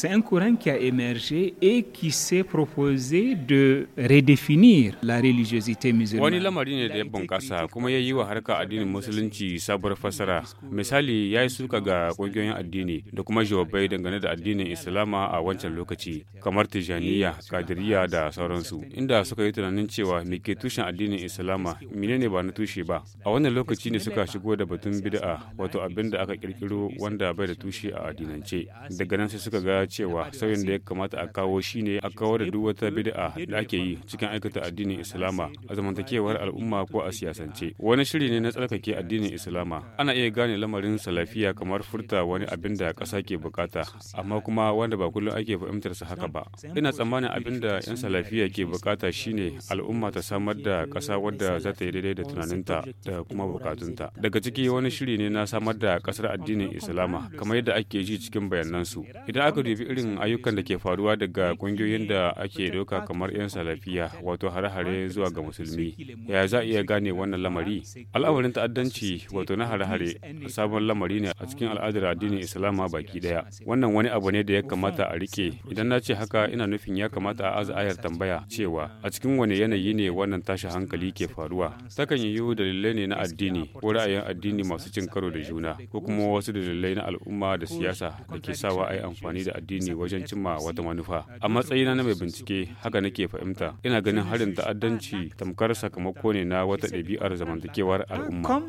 C'est un courant qui a émergé et qui s'est proposé de redéfinir la religiosité musulmane. Wani lamari ne da ya bunƙasa kuma ya yi wa harka addinin musulunci sabuwar fasara. Misali ya yi suka ga ƙungiyoyin addini da kuma jawabai dangane da addinin Islama a wancan lokaci kamar Tijaniya, Kadiriya da sauransu. Inda suka yi tunanin cewa me ke tushen addinin Islama menene ba na tushe ba. A wannan lokaci ne suka shigo da batun bid'a wato abin da aka kirkiro wanda bai da tushe a addinance. Daga nan sai suka ga cewa sauyin da ya kamata a kawo shi ne a kawar da duk wata bid'a da ake yi cikin aikata addinin Islama a zamantakewar al'umma ko a siyasance. Wani shiri ne na tsarkake addinin Islama. Ana iya gane lamarin salafiya kamar furta wani abin da ƙasa ke bukata, amma kuma wanda ba kullum ake fahimtar sa haka ba. Ina tsammanin abin da 'yan salafiya ke bukata shine al'umma ta samar da ƙasa wadda za ta yi daidai da tunaninta da kuma bukatunta. Daga ciki wani shiri ne na samar da ƙasar addinin Islama kamar yadda ake ji cikin bayanansu. Idan aka dubi dubi irin ayyukan da ke faruwa daga ƙungiyoyin da ake doka kamar 'yan salafiya wato hare-hare zuwa ga musulmi ya za iya gane wannan lamari al'amarin ta'addanci wato na hare-hare sabon lamari ne a cikin al'adar addinin islama baki daya wannan wani abu ne da ya kamata a rike idan na ce haka ina nufin ya kamata a aza ayar tambaya cewa a cikin wani yanayi ne wannan tashi hankali ke faruwa takan yiwu dalilai ne na addini ko ra'ayin addini masu cin karo da juna ko kuma wasu dalilai na al'umma da siyasa da ke sawa a yi amfani da addini addini wajen cimma wata manufa a matsayina na mai bincike haka nake fahimta ina ganin harin ta'addanci tamkar sakamako ne na wata ɗabi'ar zamantakewar al'umma